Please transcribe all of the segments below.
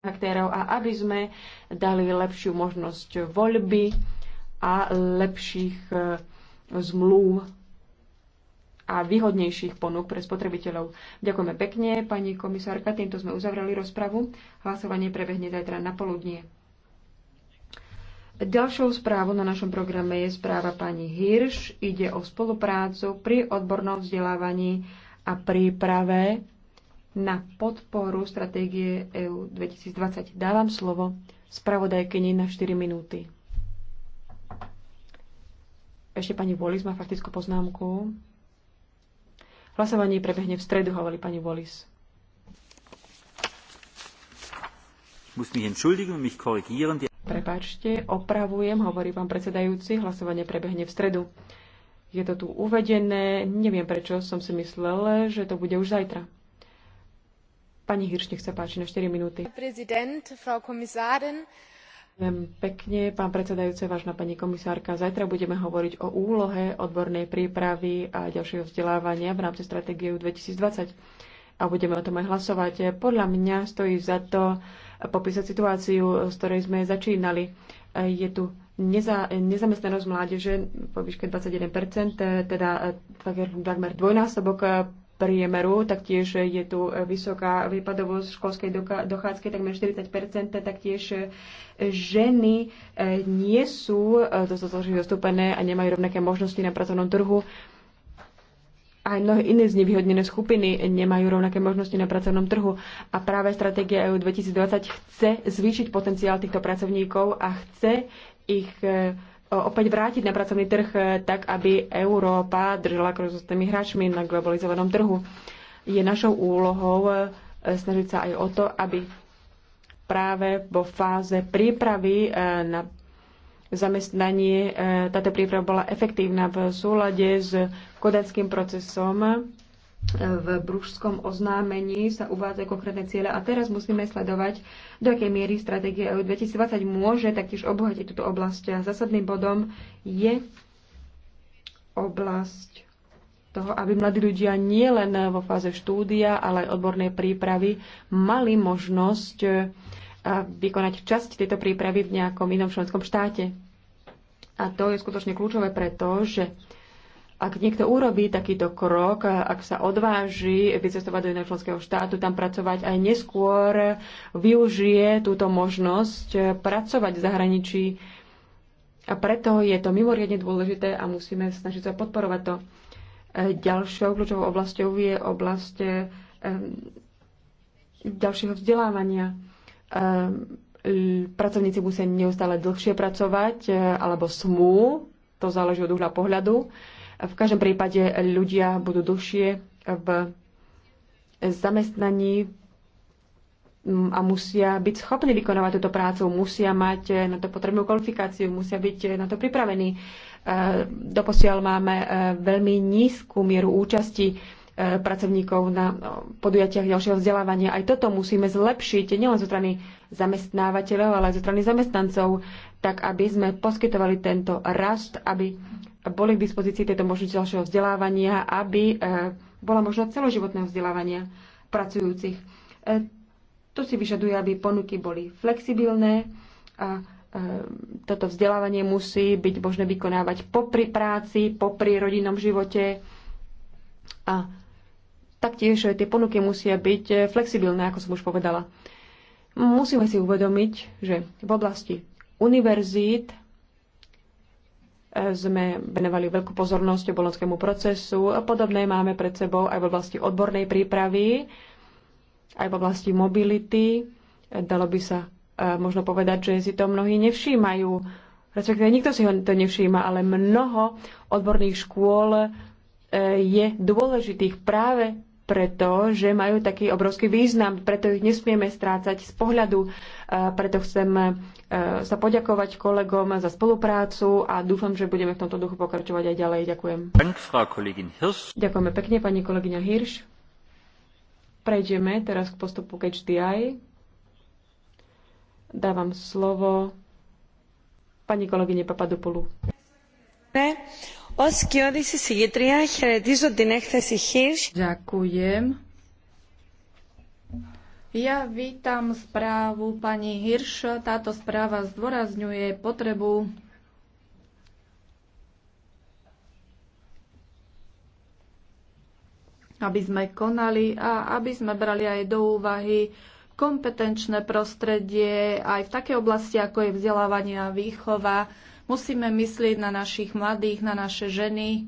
aktérov a aby sme dali lepšiu možnosť voľby a lepších e, zmluv a výhodnejších ponúk pre spotrebiteľov. Ďakujeme pekne, pani komisárka. Týmto sme uzavreli rozpravu. Hlasovanie prebehne zajtra na poludnie. Ďalšou správou na našom programe je správa pani Hirš. Ide o spoluprácu pri odbornom vzdelávaní a príprave na podporu stratégie EU 2020. Dávam slovo spravodajkyni na 4 minúty. Ešte pani Wallis má faktickú poznámku. Hlasovanie prebehne v stredu, hovorí pani Wallis. Prepačte, opravujem, hovorí pán predsedajúci, hlasovanie prebehne v stredu. Je to tu uvedené, neviem prečo som si myslel, že to bude už zajtra. Pani Hirš, nech sa páči na 4 minúty. Prezident, frau komisárin. Pekne, pán predsedajúce, vážna pani komisárka. Zajtra budeme hovoriť o úlohe odbornej prípravy a ďalšieho vzdelávania v rámci stratégie 2020 a budeme o tom aj hlasovať. Podľa mňa stojí za to popísať situáciu, z ktorej sme začínali. Je tu neza, nezamestnanosť mládeže po výške 21%, teda takmer eh, dvojnásobok eh, priemeru, taktiež je tu vysoká výpadovosť školskej dochádzky, takmer 40 taktiež e, ženy e, nie sú e, dostatočne zastúpené a nemajú rovnaké možnosti na pracovnom trhu. Aj mnohé iné znevýhodnené skupiny nemajú rovnaké možnosti na pracovnom trhu a práve stratégia EU 2020 chce zvýšiť potenciál týchto pracovníkov a chce ich opäť vrátiť na pracovný trh e, tak, aby Európa držala krok s tými hráčmi na globalizovanom trhu. Je našou úlohou e, snažiť sa aj o to, aby práve vo fáze prípravy e, na zamestnanie táto príprava bola efektívna v súlade s kodackým procesom v brúžskom oznámení sa uvádzajú konkrétne ciele a teraz musíme sledovať, do akej miery stratégia EU 2020 môže taktiež obohatiť túto oblasť. A zásadným bodom je oblasť toho, aby mladí ľudia nie len vo fáze štúdia, ale aj odbornej prípravy mali možnosť eh, vykonať časť tejto prípravy v nejakom inom členskom štáte. A to je skutočne kľúčové preto, že ak niekto urobí takýto krok, ak sa odváži vycestovať do iného členského štátu, tam pracovať aj neskôr, využije túto možnosť pracovať v zahraničí. A preto je to mimoriadne dôležité a musíme snažiť sa podporovať to. Ďalšou kľúčovou oblasťou je oblasť ďalšieho vzdelávania. Pracovníci musia neustále dlhšie pracovať alebo smú, to záleží od uhla pohľadu. V každom prípade ľudia budú dlhšie v zamestnaní a musia byť schopní vykonávať túto prácu, musia mať na to potrebnú kvalifikáciu, musia byť na to pripravení. E, doposiaľ máme e, veľmi nízku mieru účasti e, pracovníkov na podujatiach ďalšieho vzdelávania. Aj toto musíme zlepšiť nielen zo strany zamestnávateľov, ale aj zo strany zamestnancov, tak aby sme poskytovali tento rast, aby boli k dispozícii tieto možnosti ďalšieho vzdelávania, aby e, bola možnosť celoživotného vzdelávania pracujúcich. E, to si vyžaduje, aby ponuky boli flexibilné a e, toto vzdelávanie musí byť možné vykonávať popri práci, popri rodinnom živote a taktiež tie ponuky musia byť flexibilné, ako som už povedala. Musíme si uvedomiť, že v oblasti univerzít sme venovali veľkú pozornosť bolonskému procesu. Podobné máme pred sebou aj v oblasti odbornej prípravy, aj v oblasti mobility. Dalo by sa e, možno povedať, že si to mnohí nevšímajú. Respektíve nikto si ho to nevšíma, ale mnoho odborných škôl e, je dôležitých práve preto, že majú taký obrovský význam, preto ich nesmieme strácať z pohľadu. E, preto chcem e, sa poďakovať kolegom za spoluprácu a dúfam, že budeme v tomto duchu pokračovať aj ďalej. Ďakujem. Ďakujeme pekne, pani kolegyňa Hirš. Prejdeme teraz k postupu Catch Dávam slovo pani kolegyne Papadopoulou. Ďakujem. Ja vítam správu pani Hirš. Táto správa zdôrazňuje potrebu aby sme konali a aby sme brali aj do úvahy kompetenčné prostredie aj v takej oblasti, ako je vzdelávanie a výchova, Musíme myslieť na našich mladých, na naše ženy,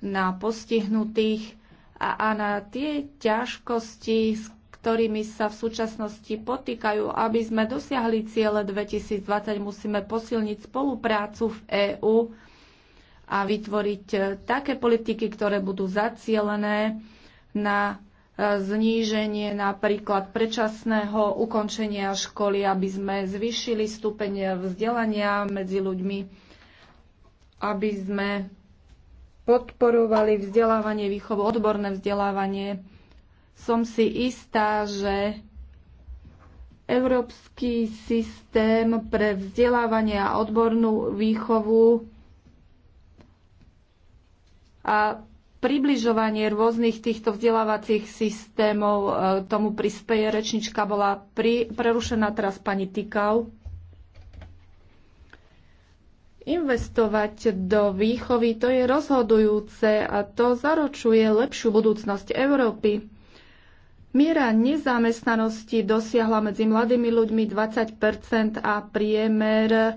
na postihnutých a, a na tie ťažkosti, s ktorými sa v súčasnosti potýkajú. Aby sme dosiahli ciele 2020, musíme posilniť spoluprácu v EÚ a vytvoriť také politiky, ktoré budú zacielené na zníženie napríklad predčasného ukončenia školy, aby sme zvýšili stupeň vzdelania medzi ľuďmi, aby sme podporovali vzdelávanie, výchovu, odborné vzdelávanie. Som si istá, že Európsky systém pre vzdelávanie a odbornú výchovu a približovanie rôznych týchto vzdelávacích systémov e, tomu prispieje. Rečnička bola pri, prerušená teraz pani Tikau. Investovať do výchovy to je rozhodujúce a to zaročuje lepšiu budúcnosť Európy. Miera nezamestnanosti dosiahla medzi mladými ľuďmi 20 a priemer e,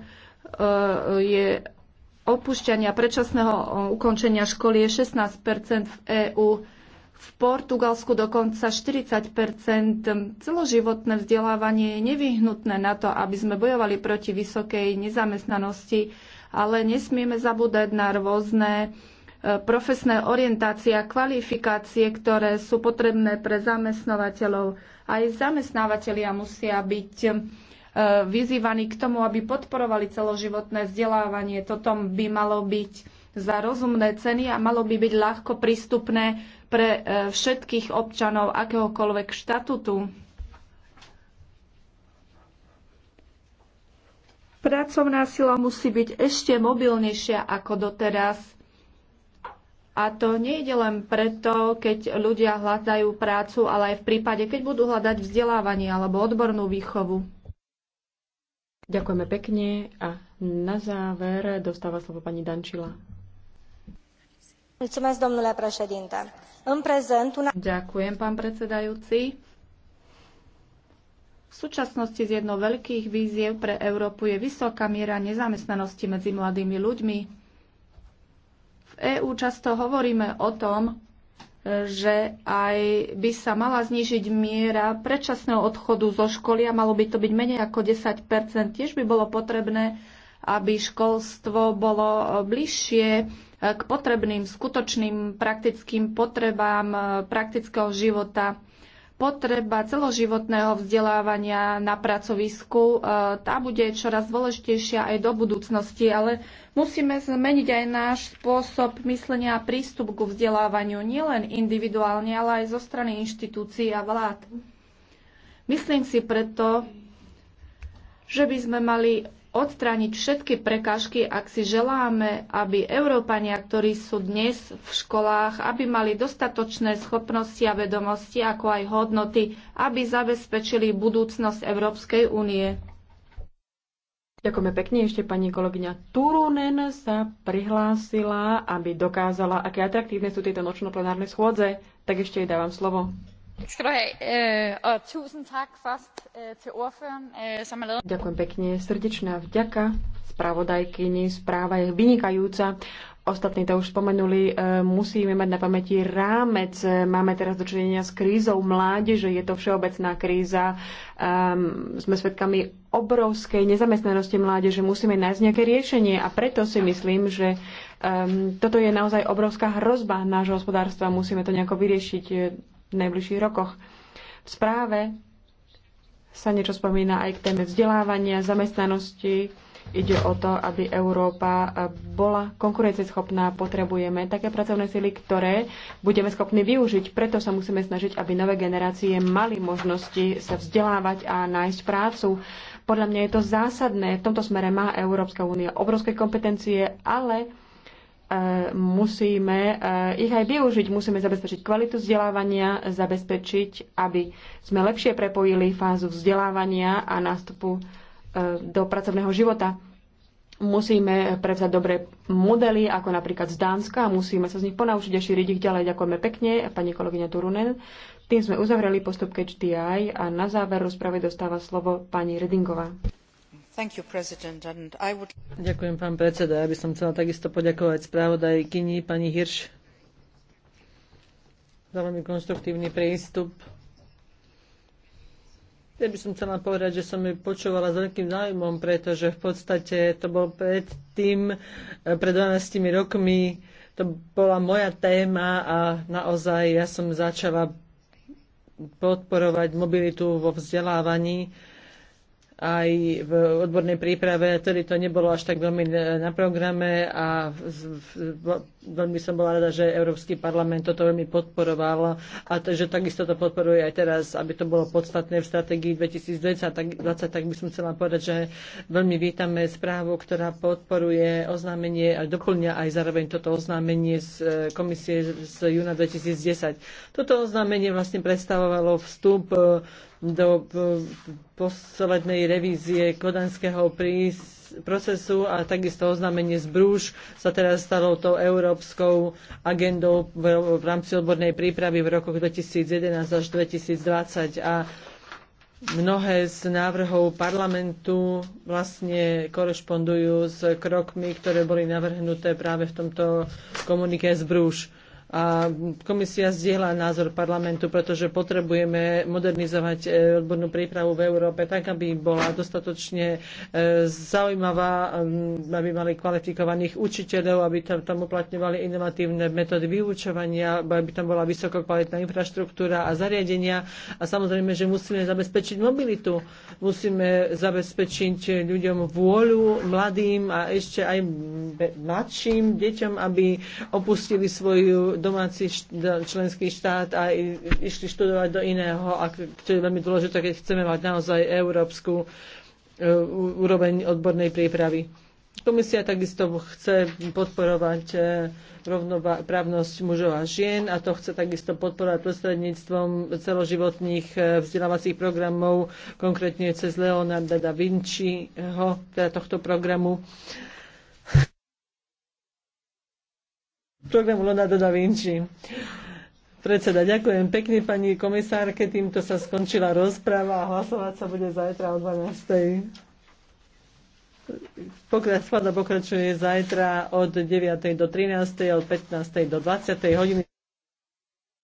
je opúšťania predčasného ukončenia školy je 16 v EÚ, v Portugalsku dokonca 40 Celoživotné vzdelávanie je nevyhnutné na to, aby sme bojovali proti vysokej nezamestnanosti, ale nesmieme zabúdať na rôzne e, profesné orientácie a kvalifikácie, ktoré sú potrebné pre zamestnovateľov. Aj zamestnávateľia musia byť Eh, vyzývaní k tomu, aby podporovali celoživotné vzdelávanie. Toto by malo byť za rozumné ceny a malo by byť ľahko prístupné pre eh, všetkých občanov akéhokoľvek štatutu. Pracovná sila musí byť ešte mobilnejšia ako doteraz. A to nejde len preto, keď ľudia hľadajú prácu, ale aj v prípade, keď budú hľadať vzdelávanie alebo odbornú výchovu. Ďakujeme pekne a na záver dostáva slovo pani Dančila. Ďakujem, pán predsedajúci. V súčasnosti z jednou veľkých víziev pre Európu je vysoká miera nezamestnanosti medzi mladými ľuďmi. V EÚ často hovoríme o tom, že aj by sa mala znížiť miera predčasného odchodu zo školy a malo by to byť menej ako 10 Tiež by bolo potrebné, aby školstvo bolo bližšie eh, k potrebným, skutočným praktickým potrebám eh, praktického života potreba celoživotného vzdelávania na pracovisku, e, tá bude čoraz dôležitejšia aj do budúcnosti, ale musíme zmeniť aj náš spôsob myslenia a prístup ku vzdelávaniu, nielen individuálne, ale aj zo strany inštitúcií a vlád. Myslím si preto, že by sme mali odstrániť všetky prekážky, ak si želáme, aby Európania, ktorí sú dnes v školách, aby mali dostatočné schopnosti a vedomosti, ako aj hodnoty, aby zabezpečili budúcnosť Európskej únie. Ďakujeme pekne. Ešte pani kolegyňa Turunen sa prihlásila, aby dokázala, aké atraktívne sú tieto nočno plenárne schôdze. Tak ešte jej dávam slovo. Øh, øh, øh, Ďakujem pekne. Srdečná vďaka spravodajkyni. Správa je vynikajúca. Ostatní to už spomenuli, e, musíme mať na pamäti rámec. E, máme teraz dočinenia s krízou mládeže, je to všeobecná kríza. Um, sme svedkami obrovskej nezamestnanosti mládeže, musíme nájsť nejaké riešenie a preto si myslím, že um, toto je naozaj obrovská hrozba nášho hospodárstva, musíme to nejako vyriešiť v najbližších rokoch. V správe sa niečo spomína aj k téme vzdelávania, zamestnanosti. Ide o to, aby Európa bola konkurencieschopná. Potrebujeme také pracovné sily, ktoré budeme schopní využiť. Preto sa musíme snažiť, aby nové generácie mali možnosti sa vzdelávať a nájsť prácu. Podľa mňa je to zásadné. V tomto smere má Európska únia obrovské kompetencie, ale E, musíme e, ich aj využiť. Musíme zabezpečiť kvalitu vzdelávania, zabezpečiť, aby sme lepšie prepojili fázu vzdelávania a nástupu e, do pracovného života. Musíme prevzať dobré modely, ako napríklad z Dánska, a musíme sa z nich ponaučiť a šíriť ich ďalej. Ďakujeme pekne, pani kolegyňa Turunen. Tým sme uzavreli postup HDI a na záver rozprave dostáva slovo pani Redingová. Ďakujem, pán predseda. Ja by som chcela takisto poďakovať spravodajkyni pani Hirš za veľmi konštruktívny prístup. Ja by som chcela povedať, že som ju počúvala s veľkým záujmom, pretože v podstate to bol pred tým, pred 12 rokmi, to bola moja téma a naozaj ja som začala podporovať mobilitu vo vzdelávaní aj v odbornej príprave, ktorý to nebolo až tak veľmi na programe a veľmi som bola rada, že Európsky parlament toto veľmi podporoval a to, že takisto to podporuje aj teraz, aby to bolo podstatné v stratégii 2020, tak, 20, tak by som chcela povedať, že veľmi vítame správu, ktorá podporuje oznámenie a doplňa aj zároveň toto oznámenie z e, komisie z júna 2010. Toto oznámenie vlastne predstavovalo vstup e, do poslednej revízie kodanského prís procesu a takisto oznámenie z Brúž sa teraz stalo tou európskou agendou v, v rámci odbornej prípravy v rokoch 2011 až 2020 a mnohé z návrhov parlamentu vlastne korešpondujú s krokmi, ktoré boli navrhnuté práve v tomto komunike z Brúž. A komisia zdieľa názor parlamentu, pretože potrebujeme modernizovať e, odbornú prípravu v Európe tak, aby bola dostatočne e, zaujímavá, e, aby mali kvalifikovaných učiteľov, aby tam, tam uplatňovali inovatívne metódy vyučovania, aby tam bola vysokokvalitná infraštruktúra a zariadenia. A samozrejme, že musíme zabezpečiť mobilitu, musíme zabezpečiť ľuďom vôľu, mladým a ešte aj mladším deťom, aby opustili svoju domáci členský štát a išli študovať do iného, a čo je veľmi dôležité, keď chceme mať naozaj európsku e, úroveň odbornej prípravy. Komisia takisto chce podporovať e, rovnoprávnosť mužov a žien a to chce takisto podporovať prostredníctvom celoživotných e, vzdelávacích programov, konkrétne cez Leonarda da Vinciho, teda tohto programu. programu Leonardo da Vinci. Predseda, ďakujem pekne pani komisárke. Týmto sa skončila rozpráva a hlasovať sa bude zajtra o 12. Pokrač, pokračuje zajtra od 9. do 13. od 15. do 20. hodiny.